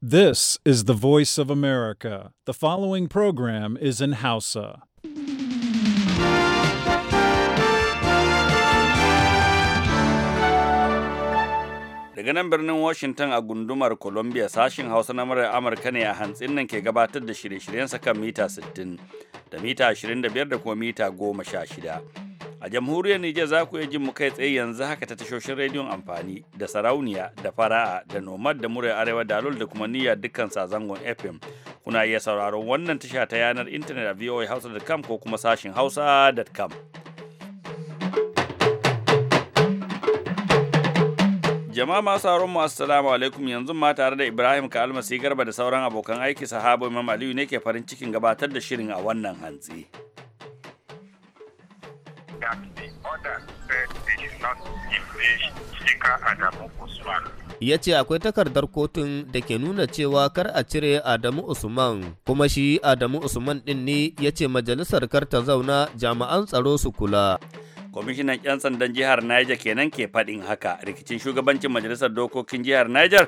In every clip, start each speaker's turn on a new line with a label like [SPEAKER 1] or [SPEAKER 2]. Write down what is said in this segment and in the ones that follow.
[SPEAKER 1] This is the voice of America. The following program is in Hausa.
[SPEAKER 2] Daga nan birnin Washington a gundumar Columbia sashin Hausa na murar Amurka ne a hantsin nan ke gabatar da shirye-shiryensa kan mita 60 da mita 25 da kuma mita 16. a jamhuriyar Nijar za ku iya jin mu kai tsaye yanzu haka ta tashoshin rediyon amfani da sarauniya da fara'a da nomad da muryar arewa da da kuma niyya dukkan sazangon fm kuna iya sauraron wannan tasha ta yanar intanet a voahausa.com ko kuma sashin hausa.com jama'a masu sauran mu assalamu alaikum yanzu ma tare da ibrahim ka almasi garba da sauran abokan aiki sahabo imam aliyu ne ke farin cikin gabatar da shirin a wannan hantsi
[SPEAKER 3] that the not
[SPEAKER 4] Adamu
[SPEAKER 5] ya ce akwai takardar kotun da ke nuna cewa kar a cire Adamu Usman kuma shi Adamu Usman din ne ya ce majalisar kar ta zauna jami'an tsaro su kula.
[SPEAKER 2] kwamishinan 'yan sandan jihar niger kenan ke faɗin haka rikicin shugabancin majalisar dokokin jihar niger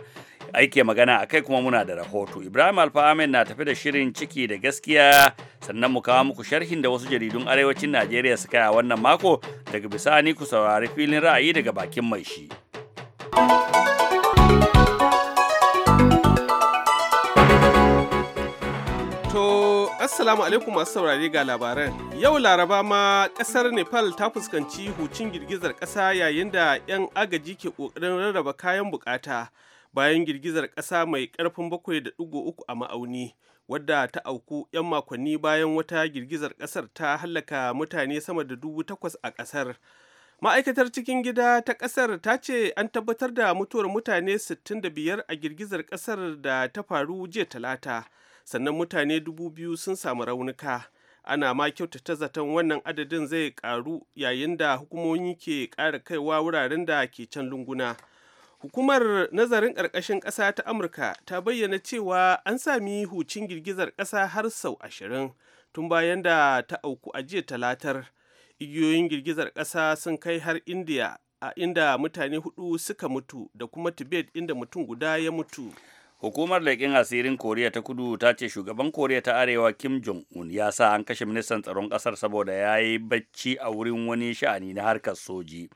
[SPEAKER 2] aike magana a kai kuma muna da rahoto ibrahim alfa na tafi da shirin ciki da gaskiya sannan mu kawo muku sharhin da wasu jaridun arewacin najeriya suka a wannan mako daga bisani ku saurari filin ra'ayi daga bakin mai shi
[SPEAKER 3] To, Assalamu alaikum masu saurari ga labaran. Yau Laraba ma kasar Nepal ta fuskanci hucin girgizar ƙasa yayin da 'yan agaji ke ƙoƙarin rarraba kayan buƙata. bayan girgizar ƙasa mai ƙarfin 7.3 a ma'auni wadda ta auku 'yan makonni bayan wata girgizar ƙasar ta hallaka mutane sama da dubu takwas a ƙasar ma'aikatar cikin gida ta ƙasar ta ce an tabbatar da mutuwar mutane 65 a girgizar ƙasar da ta faru jiya talata sannan mutane dubu biyu sun samu raunuka ana ma kyautata zaton wannan adadin zai ƙaru yayin da hukumomi ke ƙara kaiwa wuraren da ke can lunguna. Hukumar nazarin ƙarƙashin ƙasa ta Amurka ta bayyana cewa an sami hucin girgizar ƙasa har sau ashirin tun bayan da ta auku a jiya talatar. Igiyoyin girgizar ƙasa sun kai har India a inda mutane hudu suka mutu da kuma Tibet inda mutum guda ya mutu. Hukumar leƙin asirin Koriya ta kudu
[SPEAKER 2] ta ce shugaban Koriya ta Arewa Kim Jong-un ya sa an kashe ministan tsaron ƙasar saboda ya yi bacci a wurin wani sha'ani na harkar soji.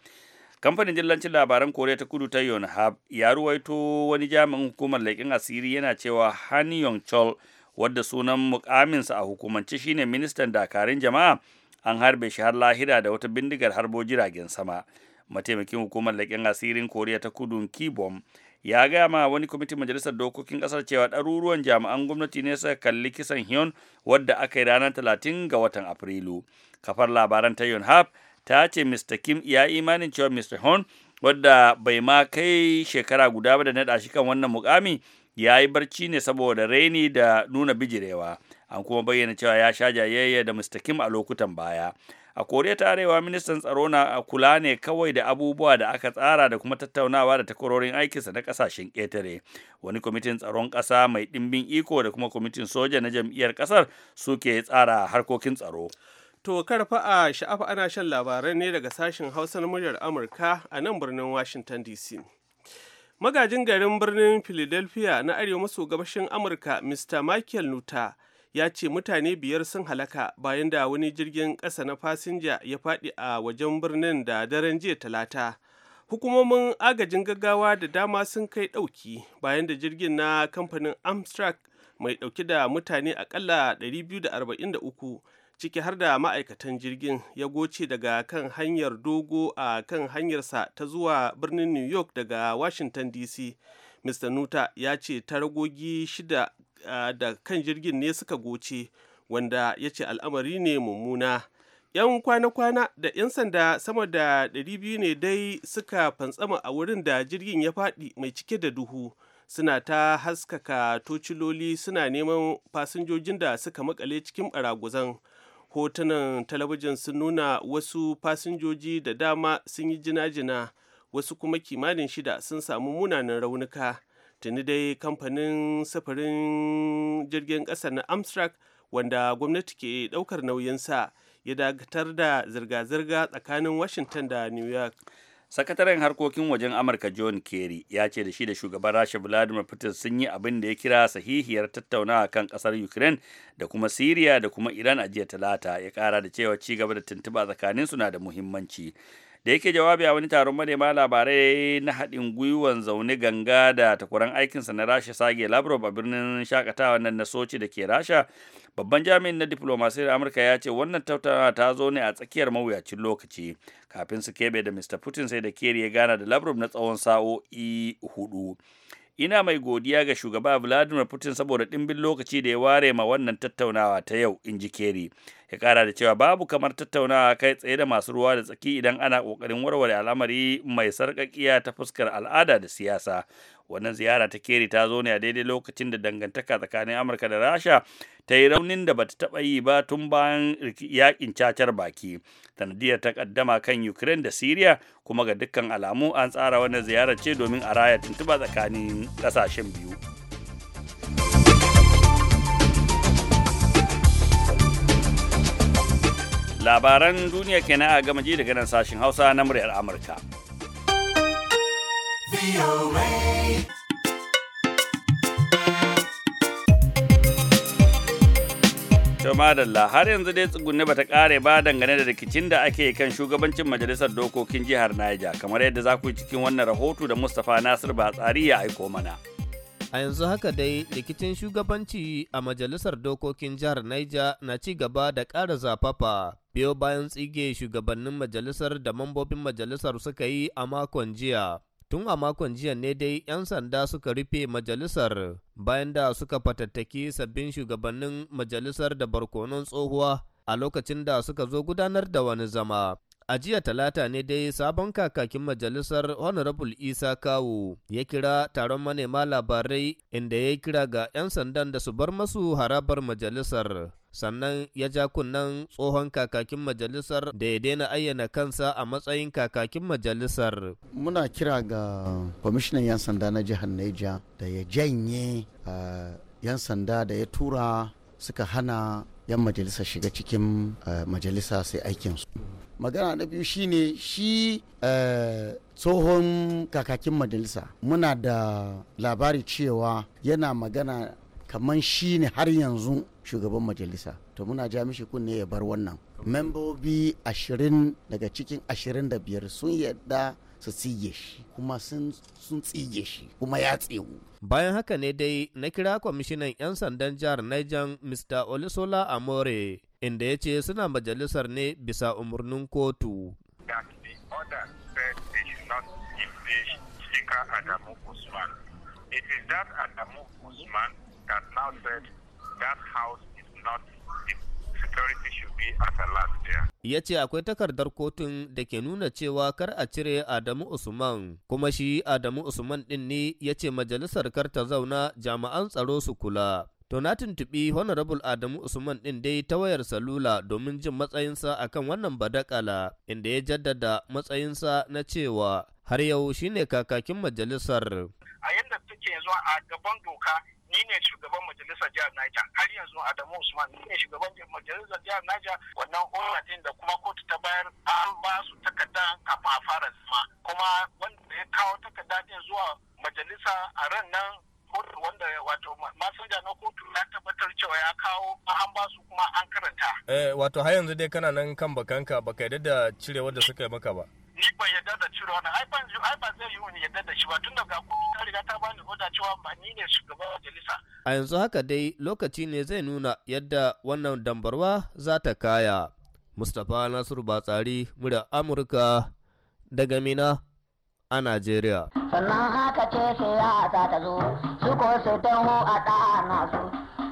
[SPEAKER 2] kamfanin dillancin labaran koriya ta kudu ta yonhap ya ruwaito wani jami'in hukumar leƙin asiri yana cewa han yong chol wadda sunan mukaminsa a hukumance shine ministan dakarun jama'a an harbe shi har lahira da wata bindigar harbo jiragen sama mataimakin hukumar leƙin asirin koriya ta kudu kibom ya gaya ma wani kwamitin majalisar dokokin ƙasar cewa ɗaruruwan jami'an gwamnati ne suka kalli kisan hyun wadda aka yi ranar talatin ga watan afrilu kafar labaran ta yonhap ta ce Mr. Kim ya imanin cewa Mr. Hon. wadda bai ma kai shekara guda ba da naɗa shi kan wannan mukami ya yi barci ne saboda raini da nuna bijirewa an kuma bayyana cewa ya sha jayayya da Mr. Kim a lokutan baya. A Koriya ta Arewa ministan tsaro na kula ne kawai da abubuwa da aka tsara da kuma tattaunawa da takwarorin aikinsa na kasashen ƙetare. Wani kwamitin tsaron ƙasa mai ɗimbin iko da kuma kwamitin soja na jam'iyyar ƙasar suke tsara harkokin tsaro.
[SPEAKER 3] To karfa a sha'afa ana shan labarai ne daga sashen Hausa na muryar Amurka a nan birnin Washington DC. Magajin garin birnin Philadelphia na arewa maso gabashin Amurka Mr. Michael Nuta ya ce mutane biyar sun halaka bayan da wani jirgin ƙasa na fasinja ya faɗi a wajen birnin da daren jiya talata. Hukumomin agajin gaggawa da dama sun kai ɗauki bayan da jirgin na kamfanin Amstrak mai ɗauke da mutane akalla 243 ciki har da ma'aikatan jirgin ya goce daga kan hanyar dogo a kan hanyarsa ta zuwa birnin new york daga washington dc mr nuta ya ce taragogi shida da kan jirgin ne suka goce wanda ya ce al'amari ne mummuna 'yan kwana-kwana da 'yan sanda sama da 200 ne dai suka fantsama a wurin da jirgin ya fadi mai cike da duhu suna ta haskaka tociloli suna neman fasinjojin da suka makale cikin baraguzan hotunan talabijin sun nuna wasu fasinjoji da dama sun yi jina-jina wasu kuma kimanin shida sun samu munanan raunuka tuni dai kamfanin safarin jirgin ƙasa na amtrak wanda gwamnati ke ɗaukar nauyinsa ya dakatar da zirga-zirga tsakanin washington da new york sakataren harkokin wajen amurka john
[SPEAKER 2] kerry ya ce da shi da shugaban rasha vladimir putin sun yi abin da ya kira sahihiyar tattaunawa kan kasar ukraine da kuma syria da kuma iran a jiya talata ya kara da cewa ci gaba da tuntuba tsakanin su na da muhimmanci da yake jawabi a wani taron manema labarai na haɗin gwiwan zaune ganga da takwaran aikinsa na rasha sage lavrov a birnin shakatawa nan na sochi da ke rasha babban jami'in na diplomasiyar amurka ya ce wannan tattaunawa ta zo ne a tsakiyar mawuyacin lokaci kafin su kebe da mr putin sai da keri ya gana da lavrov na tsawon sa'o'i hudu ina mai godiya ga shugaba vladimir putin saboda ɗimbin lokaci da ya ware ma wannan tattaunawa ta yau in ji keri ya kara da cewa babu kamar tattaunawa kai tsaye da masu ruwa da tsaki idan ana kokarin warware al'amari mai sarƙaƙiya ta fuskar al'ada da siyasa wannan ziyara ta keri ta zo ne a daidai lokacin da dangantaka tsakanin amurka da rasha ta yi raunin da bata taɓa yi ba tun bayan yakin cacar baki sanadiyar ta kaddama kan ukraine da syria kuma ga dukkan alamu an tsara wannan ziyarar ce domin a raya tuntuba tsakanin ƙasashen biyu labaran duniya kenan a gama daga nan sashen hausa na muryar amurka madalla har yanzu dai tsugunne bata kare ba dangane da rikicin da ake kan shugabancin majalisar dokokin jihar Niger kamar yadda za ku yi cikin wannan rahoto da Mustapha Nasir Batsari ya aiko mana.
[SPEAKER 5] A yanzu haka dai rikicin shugabanci a majalisar dokokin jihar Niger na ci gaba da ƙara zafafa biyo bayan tsige shugabannin majalisar da mambobin majalisar suka yi a makon jiya. Tun a makon jiya ne dai 'yan sanda suka rufe majalisar bayan da suka fatattaki sabbin shugabannin majalisar da barkonon tsohuwa a lokacin da suka zo gudanar da wani zama. A jiya talata ne dai sabon kakakin majalisar Honorable Isa Kawu ya kira taron manema labarai inda ya kira ga 'yan sandan da su bar masu harabar majalisar. sannan ya ja kunnen tsohon kakakin majalisar da ya daina ayyana kansa a matsayin kakakin majalisar.
[SPEAKER 4] Muna kira ga kwamishinan 'yan sanda na jihar Neja da ya janye ah, 'yan sanda da ya tura suka hana 'yan majalisa shiga cikin ah, majalisa sai aikinsu. magana na biyu ne shi ah, tsohon kakakin majalisa muna da labari cewa yana magana kamar shi ne har yanzu shugaban majalisa to muna ja mishi kunne ya bar wannan membobi ashirin daga cikin ashirin da biyar sun yadda su tsige shi kuma sun
[SPEAKER 5] tsige shi kuma ya tsewu bayan haka ne dai na kira kwamishinan 'yan sandan jihar Niger Mr. Olisola Amore inda ya ce suna majalisar ne bisa umarnin kotu
[SPEAKER 4] It is that Adamu Usman that now said
[SPEAKER 3] that house is not
[SPEAKER 5] Ya ce akwai takardar kotun da ke nuna cewa kar a cire Adamu Usman, kuma shi Adamu Usman ɗin ne ya ce majalisar kar ta zauna jami'an tsaro su kula. To na tuntuɓi Honorable Adamu Usman ɗin dai ta wayar salula domin jin matsayinsa a kan wannan badakala inda ya jaddada matsayinsa na cewa har yau shine kakakin majalisar.
[SPEAKER 6] A yadda suke zuwa a gaban doka ni ne shugaban majalisar jihar Niger har yanzu Adamu Usman ni ne shugaban majalisar jihar Niger wannan ofa da kuma kotu ta bayar an ba su takarda kafin a fara zama kuma wanda ya kawo takarda din zuwa majalisa a ran nan kotu wanda wato masanja na kotu ya tabbatar cewa ya kawo an ba su kuma
[SPEAKER 5] an karanta. Eh wato har yanzu dai kana nan kan bakanka baka yadda da cirewar da suka yi maka ba.
[SPEAKER 6] ni ban yadda da cire wannan ai ba zai yi wani yadda da shi ba tun daga kotu ta riga ta bani hoda cewa ba ni ne shugaban majalisa
[SPEAKER 5] a yanzu haka dai lokaci ne zai nuna yadda wannan dambarwa za ta kaya Mustapha Nasiru Batsari murya Amurka daga Mina a Najeriya sannan
[SPEAKER 1] haka ce sai ya ta zo su ko su taho a ɗa nasu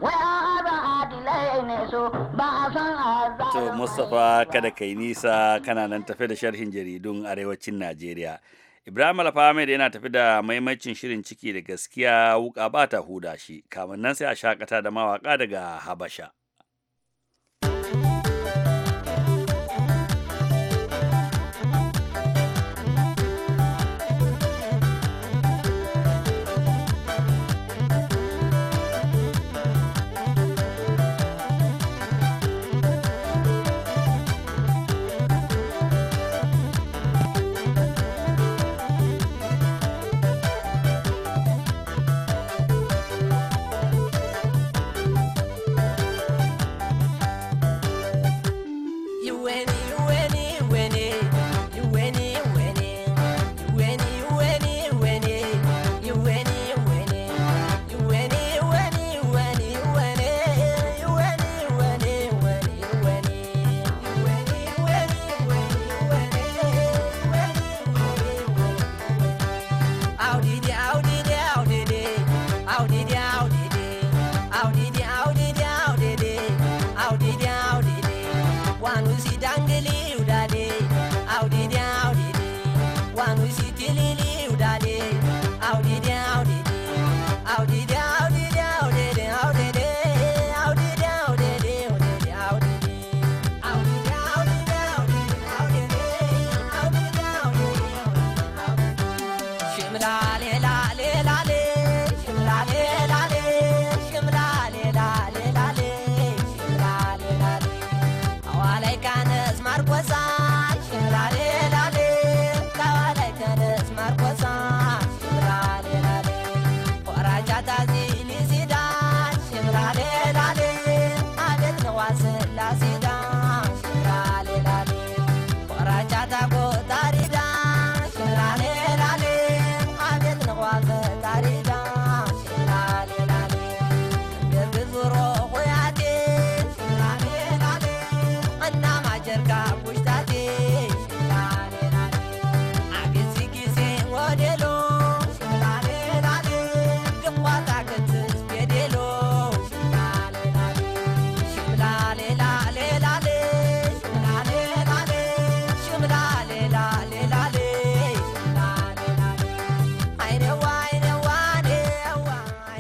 [SPEAKER 1] wai an haɗa adilai ne so ba a san a To
[SPEAKER 2] Mustapha kada ka yi nisa kana nan tafe da sharhin jaridun arewacin Najeriya. Ibrahim Alfahamed yana tafi da maimacin shirin ciki da gaskiya wuka ba ta huda shi, kamun nan sai a shakata da mawaka daga Habasha.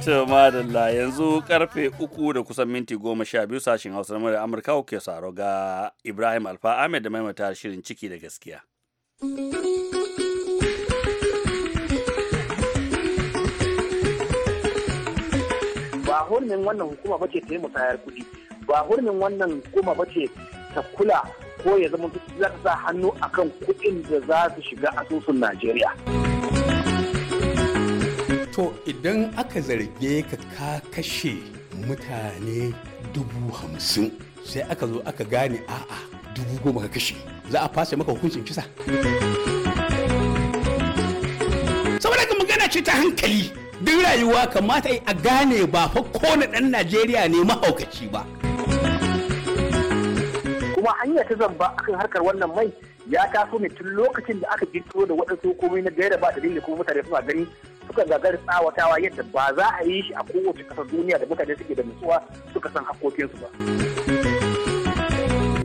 [SPEAKER 2] To madalla yanzu karfe uku da kusan minti goma sha biyu sashen Hausa na Amurka kuke saro ga Ibrahim Alfa Ahmed da maimata shirin ciki da gaskiya.
[SPEAKER 6] Ba hurmin wannan hukuma bace ta yi musayar kuɗi, ba hurmin wannan hukuma bace ta kula ko ya zama za ta sa hannu akan kuɗin da za su shiga asusun Najeriya.
[SPEAKER 7] to idan aka zarge ka ka kashe mutane dubu hamsin sai aka zo aka gane a'a dubu goma ka kashe za a fasa maka hukuncin kisa saboda ka magana ce ta hankali duk rayuwa kamata a gane ba fa kone ɗan najeriya ne mahaukaci ba kuma hanyar ta zamba akan harkar wannan
[SPEAKER 6] mai ya taso ne tun lokacin da aka gito da waɗansu komai na gaira ba da dinga kuma mutane suna gani suka gagar tsawatawa yadda ba za a yi shi a kowace ƙasar duniya da mutane suke da nutsuwa
[SPEAKER 7] suka san haƙoƙinsu ba.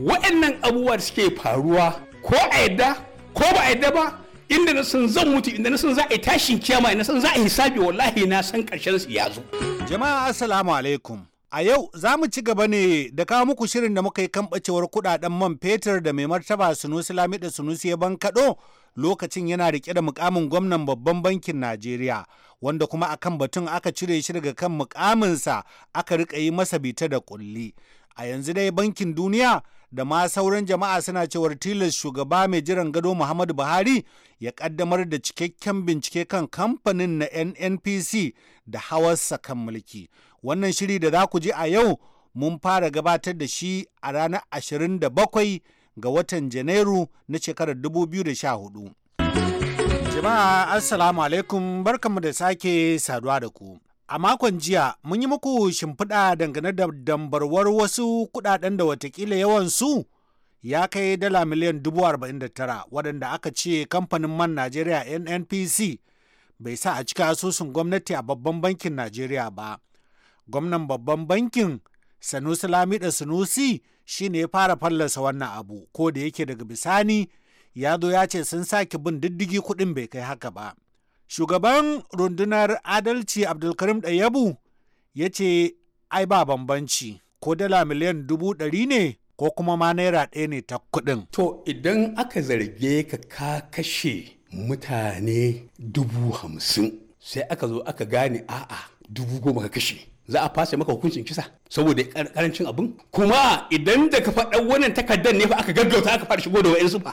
[SPEAKER 7] Waɗannan abubuwa suke faruwa ko a yadda ko ba a yadda ba inda na san zan mutu inda na san za a yi tashin kiyama na san za a yi hisabi wallahi na san ƙarshen su ya zo. Jama'a assalamu alaikum. A yau
[SPEAKER 8] za mu ci gaba ne da kawo muku shirin da muka yi kan bacewar kudaden man fetur da mai martaba Sunusi Lamida Sunusi ya bankaɗo lokacin yana rike da mukamin gwamnan babban bankin Najeriya wanda kuma a kan batun aka cire shi daga kan mukaminsa aka rika yi masa bita da kulli. A yanzu dai bankin duniya da ma sauran jama'a suna cewar tilas shugaba mai jiran gado Muhammadu Buhari ya kaddamar da cikakken bincike kan kamfanin na NNPC da hawarsa kan mulki. Wannan shiri da za ku ji a yau mun fara gabatar da shi a ranar 27 ga watan Janairu na shekarar 2014. Jama'a Assalamu alaikum barkanmu da sake saduwa da ku. A makon jiya mun yi muku shimfiɗa dangane da dambarwar wasu kudaden da watakila yawansu ya kai dala miliyan 49 waɗanda aka ce kamfanin man Najeriya NNPC bai sa a cika asusun gwamnati a babban bankin Najeriya ba. Gwamnan babban bankin Sanusi Lamida Sanusi shi ne ya fara fallasa wannan abu ko da yake daga bisani ya zo ya ce sun sake bin diddigi kuɗin bai kai haka ba shugaban rundunar adalci abdulkarim ɗayabu ya ce ai ba bambanci ko dala miliyan dubu ɗari ne ko kuma ma naira ɗaya ne ta kuɗin. To
[SPEAKER 7] idan aka zarge ka ka kashe mutane dubu hamsin sai aka zo aka gane a'a dubu goma ka kashe za a fasa maka hukuncin kisa saboda karancin abin kuma idan da ka faɗa wannan takardar ne fa aka gaggauta aka fara shigo da wa'yansu fa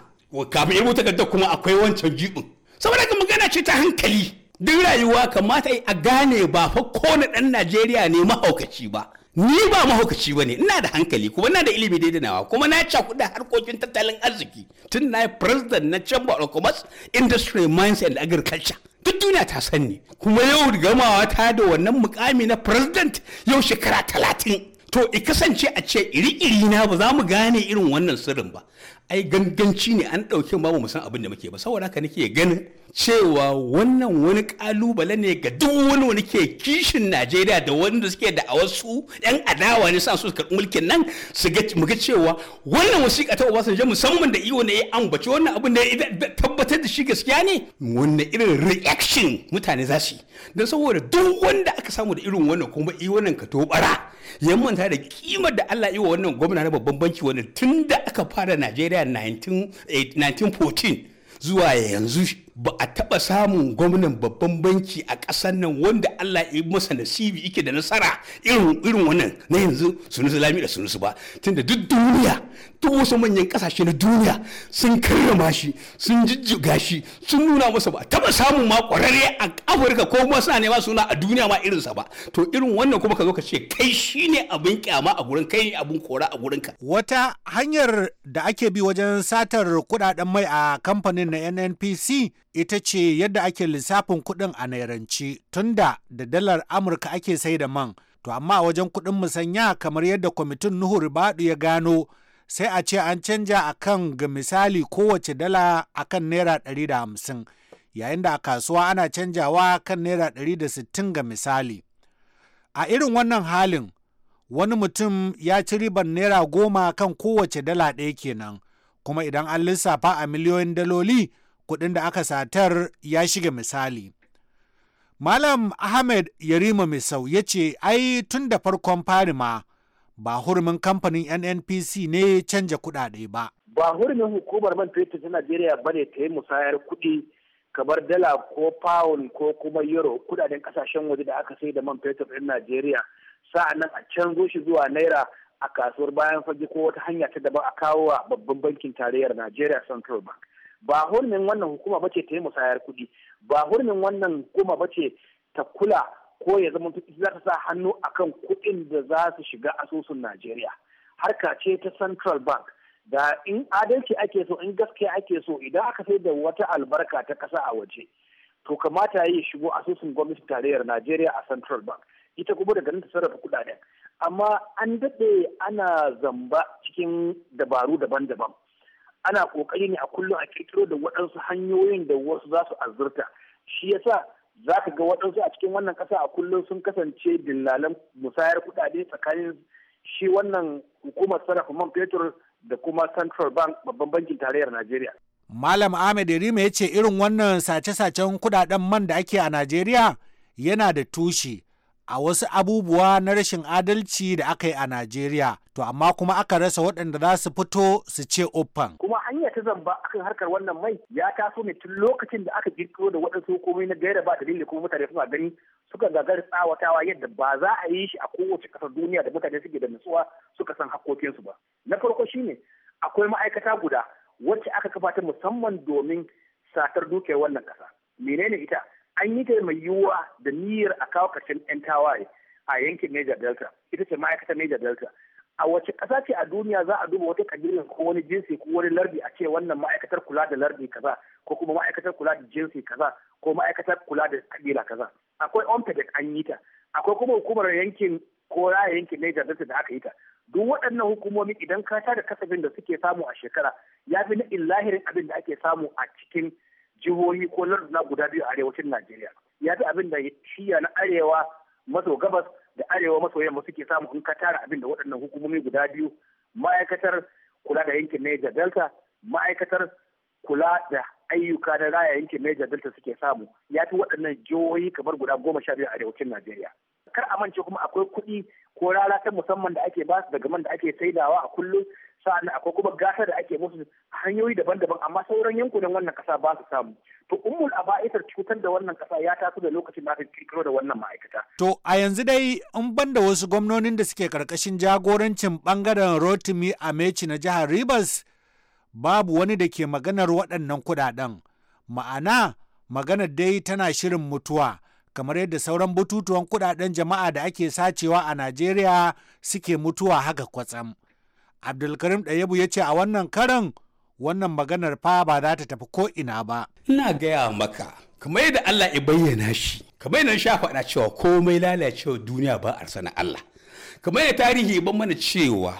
[SPEAKER 7] kafin yabo takardar kuma akwai wancan jibin saboda ka magana ce ta hankali duk rayuwa kamata a gane ba fa kona ɗan najeriya ne mahaukaci ba ni ba mahaukaci ba ne ina da hankali kuma ina da ilimi daidai nawa kuma na da harkokin tattalin arziki tun na president na chamber of commerce industry mines and agriculture duk duniya ta sani kuma yau gamawa ta da wannan mukami na president yau shekara talatin to i kasance a ce iri-iri na ba za mu gane irin wannan sirrin ba ai ganganci ne an ɗauke ba mu san abin da muke ba saboda haka nake ganin cewa wannan wani kalubale ne ga duk wani wani ke kishin Najeriya da wanda suke da a wasu yan adawa ne san su karɓi mulkin nan su ga mu ga cewa wannan wasiƙa ta Obasanjo musamman da iwo ne ya ambaci wannan abin da ya tabbatar da shi gaskiya ne wannan irin reaction mutane za su yi don saboda duk wanda aka samu da irin wannan kuma iwo nan ka tobara ya manta da kimar da Allah yi wa wannan gwamna na babban banki wannan tun da aka fara Najeriya Najeriya 1914 zuwa yanzu ba a taɓa samun gwamnan babban banki a ƙasar nan wanda Allah ya yi masa nasibi yake da nasara irin irin wannan na yanzu nusu lami da nusu ba tunda duk duniya duk wasu manyan ƙasashe na duniya sun karrama shi sun jijjiga shi sun nuna masa ba taba samun ma ƙwararre a Afirka ko masana ne ba suna a duniya ma irinsa ba to irin wannan kuma ka zo ka ce kai shine abin kyama a gurin kai abin kora a gurin ka wata hanyar da ake bi wajen satar
[SPEAKER 8] kudaden mai a kamfanin na NNPC ita ce yadda ake lissafin kuɗin a nairanci tunda da dalar amurka ake sai da man to amma wajen kuɗin musanya kamar yadda kwamitin nuhu ribadu ya gano sai a ce an canja a kan ga misali kowace dala a kan naira 150 yayin da a kasuwa ana canjawa kan naira 160 ga misali a irin wannan halin wani mutum ya ci ribar naira goma kan kowace dala ɗaya kenan kuma idan an lissafa a miliyoyin daloli kuɗin da aka satar ya shiga misali. Malam Ahmed Yarima Misau ya ce, ai tun da farkon Farima, ba hurumin kamfanin NNPC ne canja kuɗaɗe ba.
[SPEAKER 6] Ba hurumin hukumar man fetur ta Najeriya ba ne ta yi musayar kuɗi kamar dala ko pound ko kuma euro kuɗaɗen ƙasashen waje da aka sai da man fetur ɗin Najeriya. nan a canzo shi zuwa naira a kasuwar bayan fage ko wata hanya ta daban a kawo wa babban bankin tarayyar Najeriya Central Bank. ba hurmin wannan hukuma bace ta yi musayar kuɗi ba hurmin wannan hukuma bace ta kula ko ya zama za ta sa hannu akan kuɗin da za su shiga asusun Najeriya harka ce ta Central Bank da in adalci ake so in gaskiya ake so idan aka sai da wata albarka ta kasa a waje to kamata ya yi shigo asusun gwamnati tarayyar Najeriya a Central Bank ita kuma daga nan ta sarrafa kuɗaɗen amma an daɗe ana zamba cikin dabaru daban-daban ana kokari ne a kullum a kirkiro da waɗansu hanyoyin da wasu za su azurta shi yasa za ka ga waɗansu a cikin wannan ƙasa a kullum sun kasance dillalan musayar kuɗaɗe tsakanin shi wannan hukumar sarrafa man fetur da kuma central bank babban bankin tarayyar najeriya
[SPEAKER 8] malam ahmed rima ya ce irin wannan sace-sacen kuɗaɗen man da ake a najeriya yana da tushe a wasu abubuwa na rashin adalci da aka yi a Najeriya. To amma kuma aka rasa waɗanda za su fito su ce uffan.
[SPEAKER 6] Kuma hanyar ta zamba a kan harkar wannan mai ya taso ne tun lokacin da aka girkiro da waɗansu hukumomi na gaira ba dalili kuma mutane suna gani suka gagar tsawatawa yadda ba za a yi shi a kowace ƙasar duniya da mutane suke da nutsuwa suka san hakkokinsu ba. Na farko shi ne akwai ma'aikata guda wacce aka kafa ta musamman domin satar dukiyar wannan ƙasa. Menene ita? an yi ta mai yiwuwa da niyyar a kawo 'yan tawaye a yankin Niger Delta ita ce ma'aikata Niger Delta a wace ƙasa ce a duniya za a duba wata kabila ko wani jinsi ko wani lardi a ce wannan ma'aikatar kula da lardi kaza ko kuma ma'aikatar kula da jinsi kaza ko ma'aikatar kula da kabila kaza akwai ompedec an yi ta akwai kuma hukumar yankin ko raya yankin Niger Delta da aka yi ta duk waɗannan hukumomi idan ka da kasafin da suke samu a shekara ya fi na illahirin abin da ake samu a cikin jihohi ko larduna guda biyu a arewacin Najeriya. Ya fi abin da shiya na arewa maso gabas da arewa maso yamma suke samu in ka tara abin da waɗannan hukumomi guda biyu ma'aikatar kula da yankin Niger Delta ma'aikatar kula da ayyuka na raya yankin Niger Delta suke samu ya fi waɗannan jihohi kamar guda goma sha biyu a arewacin Najeriya. kar a mance kuma akwai kuɗi ko rara ta musamman da ake ba su daga man da ake saidawa a kullum sa'an akwai kuma gasa da ake musu hanyoyi daban-daban amma sauran yankunan wannan kasa ba su samu to ummul aba'isar cutar da wannan kasa ya taso da lokacin da aka kirkiro da wannan ma'aikata
[SPEAKER 8] to a yanzu dai in banda wasu gwamnonin da suke karkashin jagorancin bangaren rotimi amechi na jihar rivers babu wani da ke maganar waɗannan kuɗaɗen ma'ana maganar dai tana shirin mutuwa kamar yadda sauran bututuwan kudaden jama'a da ake sacewa a Najeriya suke mutuwa haka kwatsam. Abdulkarim Ɗayabu ya ce a wannan karan wannan maganar fa ba za ta tafi ko'ina ba.
[SPEAKER 7] Ina gaya maka, kamar yadda Allah ya bayyana shi, kamar yadda sha faɗa cewa komai lalacewa duniya ba a arsana Allah. Kamar yadda tarihi ban mana cewa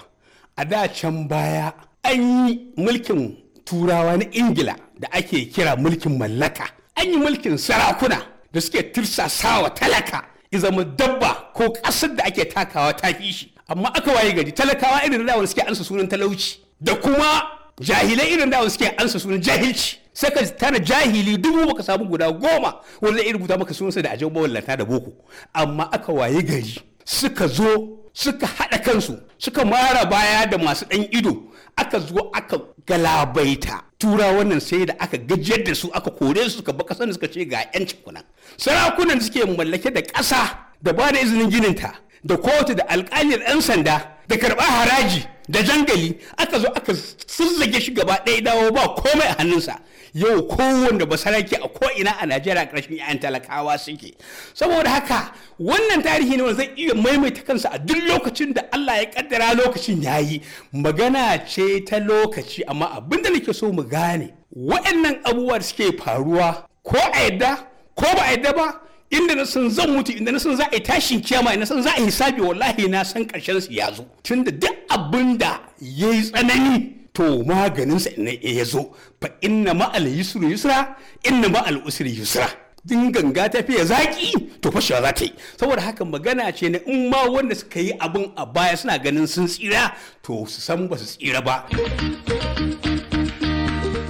[SPEAKER 7] a da can baya an yi mulkin turawa na Ingila da ake kira mulkin mallaka. An yi mulkin sarakuna da suke tirsasawa talaka ya dabba ko ƙasar da ake takawa ta fi shi amma aka waye gari talakawa irin da suke ansa sunan talauci da kuma jahilai irin da suke ansa sunan jahilci sai ka tara jahili dubu baka samu guda goma wanda irin rubuta maka sunansa da ajiyar mawallata da boko amma aka waye gari suka zo suka haɗa kansu suka mara baya da masu ɗan ido aka zo aka galabaita tura wannan sai da aka gajiyar da su aka kore su suka baka sani suka ce ga yancin kuna sarakunan suke mallake da ƙasa da ba da izinin ta da kotu da alƙalin 'yan sanda da karɓar haraji da jangali aka zo aka sirzage shi gaba ɗaya dawo ba komai a hannunsa yau kowanne basarake a ko'ina a najeriya ƙarshen 'ya'yan talakawa suke saboda haka wannan tarihi ne wanda zai iya maimaita kansa a duk lokacin da allah ya kaddara lokacin ya yi magana ce ta lokaci amma abin da nake so mu gane waɗannan abubuwa da suke faruwa ko a yadda ko ba a yadda ba inda na san zan mutu inda na san za a yi tashin kiyama na san za a yi hisabi wallahi na san karshen su ya zo tunda duk abin da ya yi tsanani to maganinsa in ya zo fa inna ma'al yusra yusra inna ma'al usri yusra din ganga ta fiye zaki to fa za ta yi saboda haka magana ce na in ma wanda suka yi abun a baya suna ganin sun tsira to su san ba su tsira ba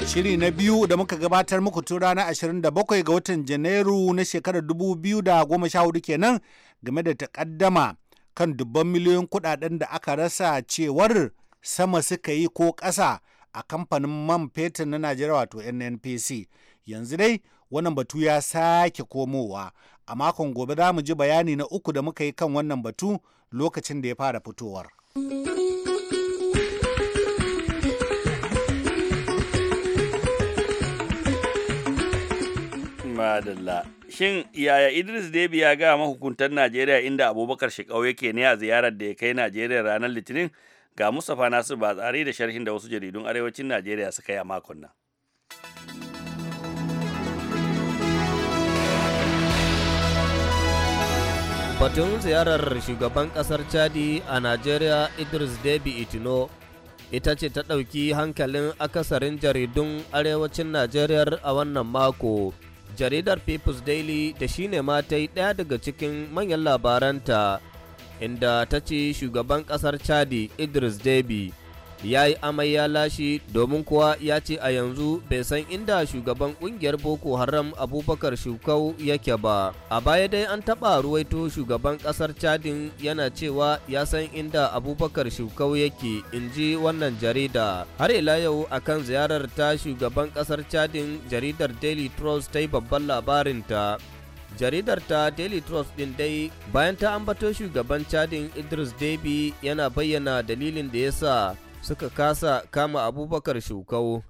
[SPEAKER 8] shiri na biyu da muka gabatar muku tun ranar 27 ga watan janairu na shekarar 2014 kenan game da takaddama kan dubban miliyoyin kudaden da aka rasa cewar sama suka yi ko ƙasa a kamfanin man fetur na Najeriya wato NNPC. Yanzu dai wannan batu ya sake komowa. A makon gobe za mu ji bayani na uku da muka yi kan wannan batu lokacin da ya fara fitowar.
[SPEAKER 2] Madalla. Shin yaya Idris Debi ya ga mahukuntan Najeriya inda Abubakar Shekau yake ne a ziyarar da ya kai Najeriya ranar Litinin? ga Mustapha Nasir ba tsari da sharhin da wasu jaridun arewacin Najeriya suka yi a makon nan.
[SPEAKER 5] Batun ziyarar shugaban ƙasar Chadi a Najeriya Idris Deby Itino ita ce ta ɗauki hankalin akasarin jaridun arewacin Najeriya a wannan mako. Jaridar People's Daily da shine ma ta yi ɗaya daga cikin manyan labaranta inda ta ce shugaban ƙasar chadi idris debi ya yi amai ya lashe domin kuwa ya ce a yanzu bai san inda shugaban kungiyar boko haram abubakar shukau yake ba a baya dai an taɓa ruwaito shugaban ƙasar chadin yana cewa ya san inda abubakar shukau yake in ji wannan jarida har ila yau kan ziyarar ta shugaban ƙasar chadin jaridar daily trust ta yi babban labarinta jaridar ta daily trust din dai bayan ta ambato shugaban cadin idris debi yana bayyana dalilin da ya sa suka kasa kama abubakar shukau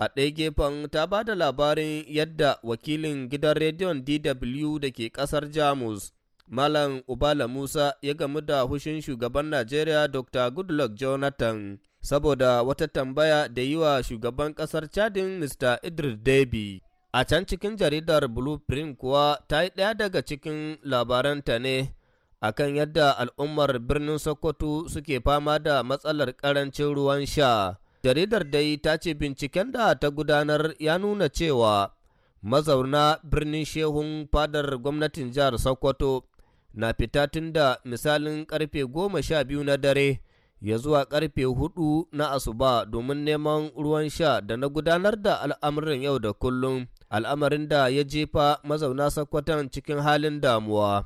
[SPEAKER 5] a ɗaya gefen ta ba da labarin yadda wakilin gidan rediyon dw da ke ƙasar jamus malam ubala musa ya gamu da hushin shugaban najeriya dr goodluck jonathan saboda wata tambaya da yi wa shugaban ƙasar cadin mr idris debi A can cikin jaridar Blueprint kuwa ta yi ɗaya daga cikin labaranta ne a kan yadda al'ummar birnin Sokoto suke fama da matsalar ƙarancin ruwan sha. Jaridar dai ta ce binciken da ta gudanar ya nuna cewa mazauna birnin Shehun fadar gwamnatin jihar Sokoto na fita tun da misalin ƙarfe goma sha biyu na dare ya zuwa ƙarfe hudu na asuba domin neman ruwan sha da na gudanar da al'amuran yau da kullum. al'amarin da ya jefa mazauna sakkwatan cikin halin damuwa.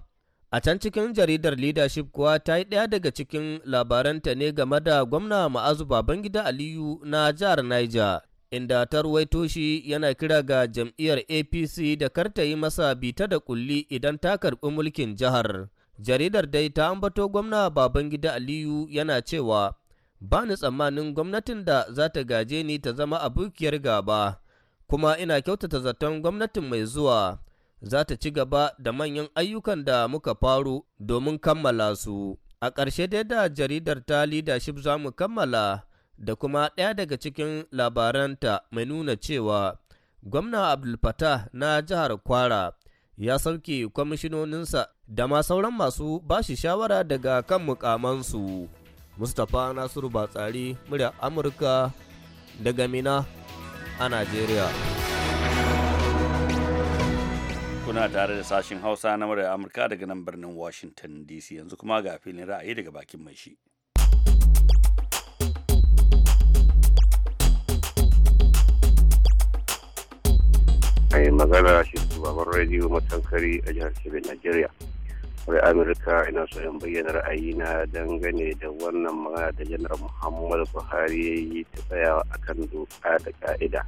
[SPEAKER 5] A can cikin jaridar leadership kuwa ta yi ɗaya daga cikin labaranta ne game da gwamna ma'azu Babangida Aliyu na jihar Niger, inda ta ruwaito shi yana kira ga jam'iyyar APC da karta yi masa bita da kulli idan ta karɓi mulkin jihar. Jaridar dai ta ambato gwamna Babangida Aliyu yana cewa, ba ni tsammanin gwamnatin da za ta gaje ni ta zama abokiyar gaba. kuma ina kyautata zaton gwamnatin mai zuwa za ta ci gaba da manyan ayyukan da muka faru domin kammala su. A ƙarshe dai da jaridar ta leadership za mu kammala da kuma ɗaya daga cikin labaranta mai nuna cewa gwamna abdulfatah na jihar Kwara ya sauke kwamishinoninsa da ma sauran masu bashi shawara daga kan mukamansu. Mustapha Nasiru Batsari, murya Amurka daga Mina. a Najeriya. Kuna tare da sashen
[SPEAKER 2] Hausa na murar Amurka daga nan birnin Washington DC yanzu kuma ga filin ra'ayi daga bakin mai shi.
[SPEAKER 4] Mai magana shi shugaban rediyo matankari a jihar Kebbi, Najeriya. wani amurka ina so in bayyana ra'ayina dangane da wannan magana da janar muhammadu buhari ya yi ta tsayawa akan doka da ka'ida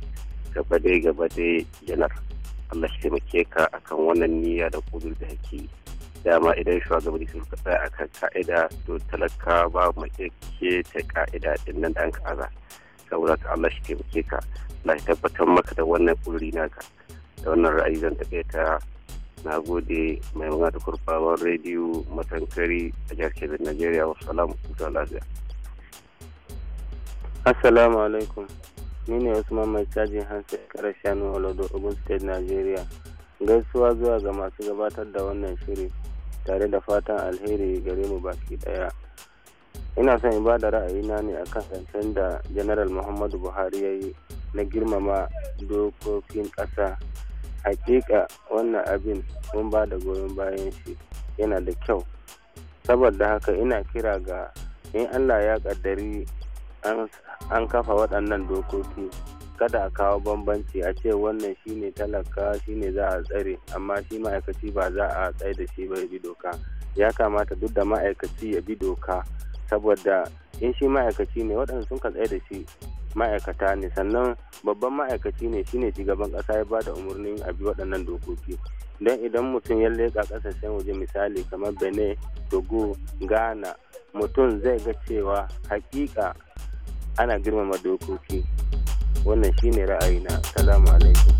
[SPEAKER 4] gaba dai gaba dai janar allah shi taimake ka kan wannan niyya da kudur da kake dama idan shugabanni sun tsaya akan ka'ida to talaka ba mace ta ka'ida din nan da an ka'aza saboda ka allah shi taimake ka na tabbatar maka da wannan kuduri naka da wannan ra'ayi zan taɓe ta na gode mai magana da rediyo matankari a jihar kebbi najeriya wasu salamu kuta lafiya assalamu alaikum ni ne wasu mai cajin hansa kara shanu olodo ogun state nigeria gaisuwa zuwa ga masu gabatar da wannan shiri tare da fatan alheri gare mu baki daya ina son in ba da ra'ayina ne akan zancen da general muhammadu buhari ya yi na girmama dokokin ƙasa hakika wannan abin mun ba da goyon bayan shi yana da kyau saboda haka ina kira ga in allah ya kaddari an kafa waɗannan dokoki kada a kawo bambanci a ce wannan shine talaka shine za a tsare amma shi ma'aikaci ba za a tsaye da shi ba ya bi doka ya kamata duk da ma'aikaci ya bi doka saboda in shi ma'aikaci ne waɗanda sun ka tsaye da shi ma'aikata ne sannan babban ma'aikaci ne shine shugaban kasa ya ba da umarnin a bi waɗannan dokoki don idan mutum ya leƙa ƙasashen waje misali kamar bene dogo ghana mutum zai ga cewa hakika ana girmama dokoki wannan shine
[SPEAKER 2] ra'ayina salamu alaikum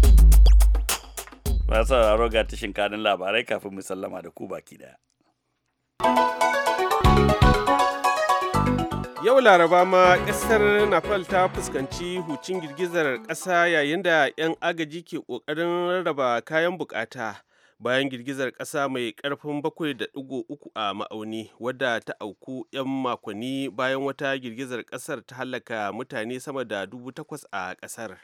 [SPEAKER 2] masu sauraro ga tashin kanin labarai kafin
[SPEAKER 3] mu sallama da ku baki daya Yau Laraba ma ƙasar Nepal ta fuskanci hucin girgizar ƙasa yayin da 'yan agaji ke ƙoƙarin rarraba kayan bukata bayan girgizar ƙasa mai ƙarfin 7.3 a ma'auni wadda ta auku 'yan makonni bayan wata girgizar ƙasar ta halaka mutane sama da dubu takwas a ƙasar.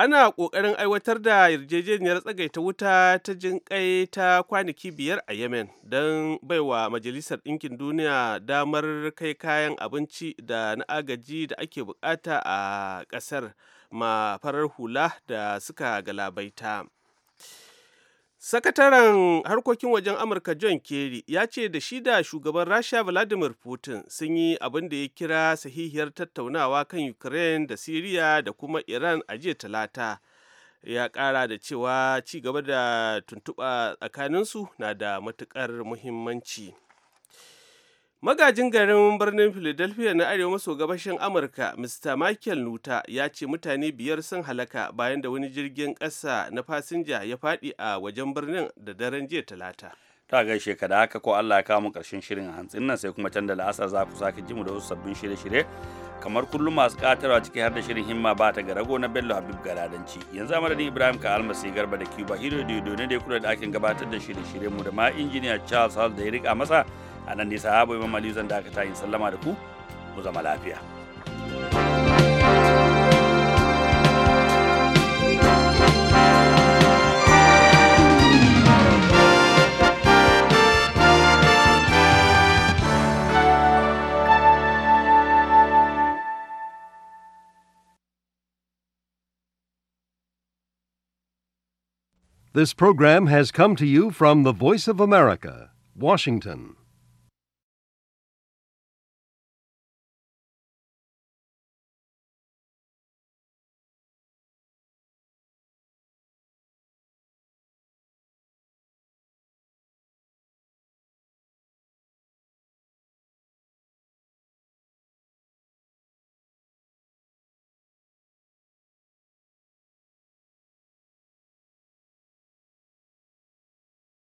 [SPEAKER 3] ana ƙoƙarin aiwatar da yarjejeniyar tsagaita wuta ta jin kai ta kwanaki biyar a yemen don baiwa majalisar ɗinkin duniya damar kai kayan abinci da na agaji da ake bukata a ƙasar ma farar hula da suka galabaita Sakataren harkokin wajen Amurka John Kerry ya ce da shi da shugaban Rasha Vladimir Putin sun yi abin da ya kira sahihiyar tattaunawa kan Ukraine da Syria da kuma Iran a jiya talata. Ya kara da cewa ci gaba da tuntuɓa tsakaninsu na da matuƙar muhimmanci. Magajin garin birnin Philadelphia na arewa maso gabashin Amurka, Mr. Michael Nuta ya ce mutane biyar sun halaka bayan da wani jirgin ƙasa na fasinja ya faɗi a wajen birnin da daren jiya talata.
[SPEAKER 2] Ta gaishe ka da haka ko Allah ya kawo ƙarshen shirin a hantsin nan sai kuma can da la'asar za ku sake ji mu da wasu sabbin shirye-shirye kamar kullum masu katarwa ciki har da shirin himma ba ta garago na Bello Habib Galadanci. Yanzu a madadin Ibrahim ka almasi garba da Cuba Hiro da Yodo ne da ya kula da ɗakin gabatar da shirye-shiryen mu da ma injiniya Charles Hall da ya rika masa a nan ne sahaba imam aliyu zan dakata in sallama da ku mu zama lafiya
[SPEAKER 5] This program has come to you from the Voice of America, Washington.